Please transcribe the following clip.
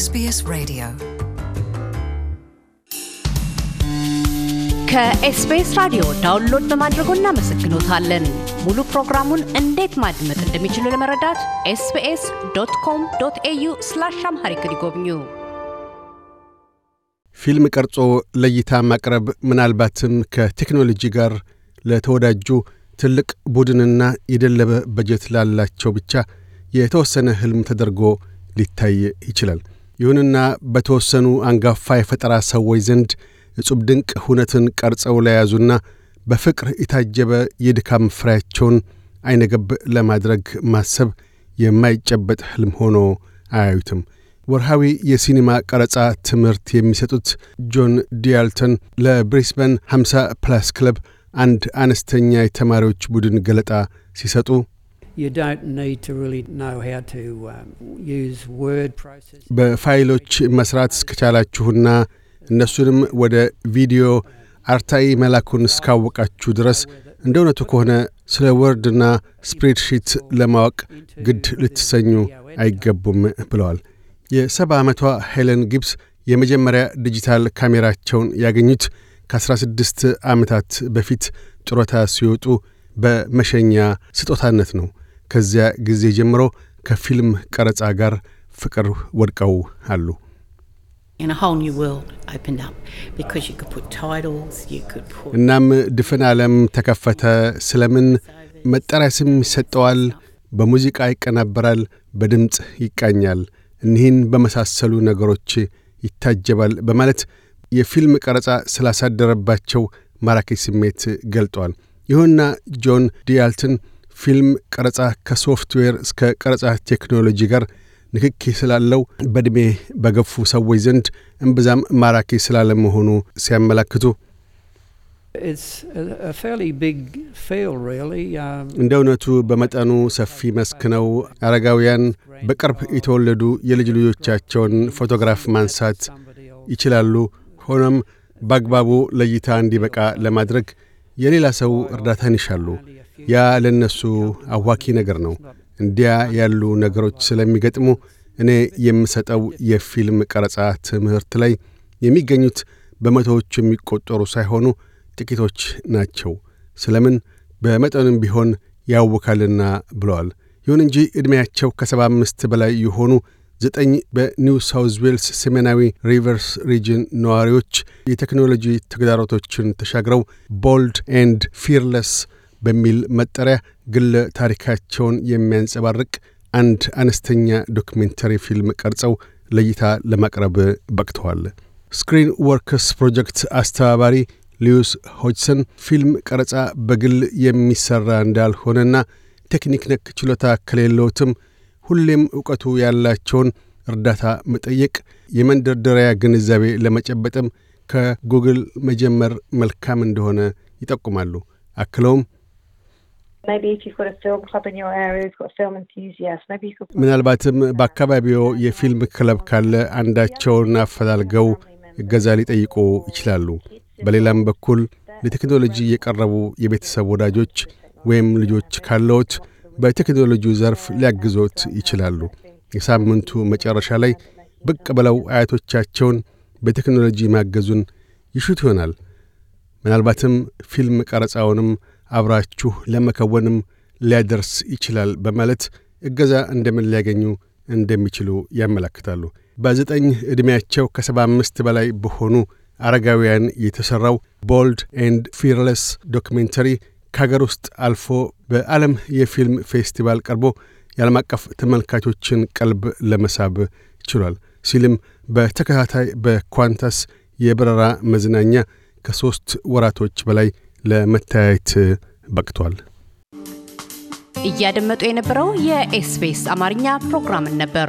ኤስቢኤስ Radio ከኤስቢኤስ ራዲዮ ዳውንሎድ በማድረጎ እናመሰግኖታለን። ሙሉ ፕሮግራሙን እንዴት ማድመጥ እንደሚችሉ ለመረዳት ኤስቢኤስ ዶት ኮም ዶት ኤዩ ስላሽ አምሃሪክ ይጎብኙ። ፊልም ቀርጾ ለእይታ ማቅረብ ምናልባትም ከቴክኖሎጂ ጋር ለተወዳጁ ትልቅ ቡድንና የደለበ በጀት ላላቸው ብቻ የተወሰነ ህልም ተደርጎ ሊታይ ይችላል። ይሁንና በተወሰኑ አንጋፋ የፈጠራ ሰዎች ዘንድ እጹብ ድንቅ ሁነትን ቀርጸው ለያዙና በፍቅር የታጀበ የድካም ፍሬያቸውን አይነገብ ለማድረግ ማሰብ የማይጨበጥ ሕልም ሆኖ አያዩትም። ወርሃዊ የሲኒማ ቀረጻ ትምህርት የሚሰጡት ጆን ዲያልተን ለብሪስበን 50 ፕላስ ክለብ አንድ አነስተኛ የተማሪዎች ቡድን ገለጣ ሲሰጡ Um, በፋይሎች መስራት እስከቻላችሁና እነሱንም ወደ ቪዲዮ አርታኢ መላኩን እስካወቃችሁ ድረስ እንደ እውነቱ ከሆነ ስለ ወርድና ስፕሬድሺት ለማወቅ ግድ ልትሰኙ አይገቡም ብለዋል። የሰባ ዓመቷ ሄለን ጊብስ የመጀመሪያ ዲጂታል ካሜራቸውን ያገኙት ከ16 ዓመታት በፊት ጡረታ ሲወጡ በመሸኛ ስጦታነት ነው። ከዚያ ጊዜ ጀምሮ ከፊልም ቀረጻ ጋር ፍቅር ወድቀው አሉ። እናም ድፍን ዓለም ተከፈተ። ስለምን መጠሪያ ስም ይሰጠዋል፣ በሙዚቃ ይቀናበራል፣ በድምፅ ይቃኛል፣ እኒህን በመሳሰሉ ነገሮች ይታጀባል በማለት የፊልም ቀረጻ ስላሳደረባቸው ማራኪ ስሜት ገልጧል። ይሁንና ጆን ዲያልትን ፊልም ቀረጻ ከሶፍትዌር እስከ ቀረጻ ቴክኖሎጂ ጋር ንክኪ ስላለው በእድሜ በገፉ ሰዎች ዘንድ እምብዛም ማራኪ ስላለመሆኑ ሲያመላክቱ um, እንደ እውነቱ በመጠኑ ሰፊ መስክ ነው። አረጋውያን በቅርብ የተወለዱ የልጅ ልጆቻቸውን ፎቶግራፍ ማንሳት ይችላሉ። ሆኖም በአግባቡ ለእይታ እንዲበቃ ለማድረግ የሌላ ሰው እርዳታን ይሻሉ። ያ ለእነሱ አዋኪ ነገር ነው። እንዲያ ያሉ ነገሮች ስለሚገጥሙ እኔ የምሰጠው የፊልም ቀረጻ ትምህርት ላይ የሚገኙት በመቶዎች የሚቆጠሩ ሳይሆኑ ጥቂቶች ናቸው። ስለምን በመጠኑም ቢሆን ያውካልና ብለዋል። ይሁን እንጂ ዕድሜያቸው ከሰባ አምስት በላይ የሆኑ ዘጠኝ በኒው ሳውዝ ዌልስ ሰሜናዊ ሪቨርስ ሪጅን ነዋሪዎች የቴክኖሎጂ ተግዳሮቶችን ተሻግረው ቦልድ ኤንድ ፊርለስ በሚል መጠሪያ ግለ ታሪካቸውን የሚያንጸባርቅ አንድ አነስተኛ ዶክሜንተሪ ፊልም ቀርጸው ለእይታ ለማቅረብ በቅተዋል። ስክሪን ወርክስ ፕሮጀክት አስተባባሪ ሊዩስ ሆጅሰን ፊልም ቀረጻ በግል የሚሠራ እንዳልሆነና ቴክኒክ ነክ ችሎታ ከሌለውትም ሁሌም እውቀቱ ያላቸውን እርዳታ መጠየቅ፣ የመንደርደሪያ ግንዛቤ ለመጨበጥም ከጉግል መጀመር መልካም እንደሆነ ይጠቁማሉ። አክለውም ምናልባትም በአካባቢዎ የፊልም ክለብ ካለ አንዳቸውን አፈላልገው እገዛ ሊጠይቁ ይችላሉ። በሌላም በኩል ለቴክኖሎጂ የቀረቡ የቤተሰብ ወዳጆች ወይም ልጆች ካለዎት በቴክኖሎጂው ዘርፍ ሊያግዞት ይችላሉ። የሳምንቱ መጨረሻ ላይ ብቅ ብለው አያቶቻቸውን በቴክኖሎጂ ማገዙን ይሹት ይሆናል። ምናልባትም ፊልም ቀረጻውንም አብራችሁ ለመከወንም ሊያደርስ ይችላል በማለት እገዛ እንደምን ሊያገኙ እንደሚችሉ ያመለክታሉ። በዘጠኝ ዕድሜያቸው ከሰባ አምስት በላይ በሆኑ አረጋውያን የተሠራው ቦልድ ኤንድ ፊርለስ ዶክሜንተሪ ከሀገር ውስጥ አልፎ በዓለም የፊልም ፌስቲቫል ቀርቦ የዓለም አቀፍ ተመልካቾችን ቀልብ ለመሳብ ችሏል ሲልም በተከታታይ በኳንታስ የበረራ መዝናኛ ከሦስት ወራቶች በላይ ለመታየት በቅቷል። እያደመጡ የነበረው የኤስቢኤስ አማርኛ ፕሮግራምን ነበር።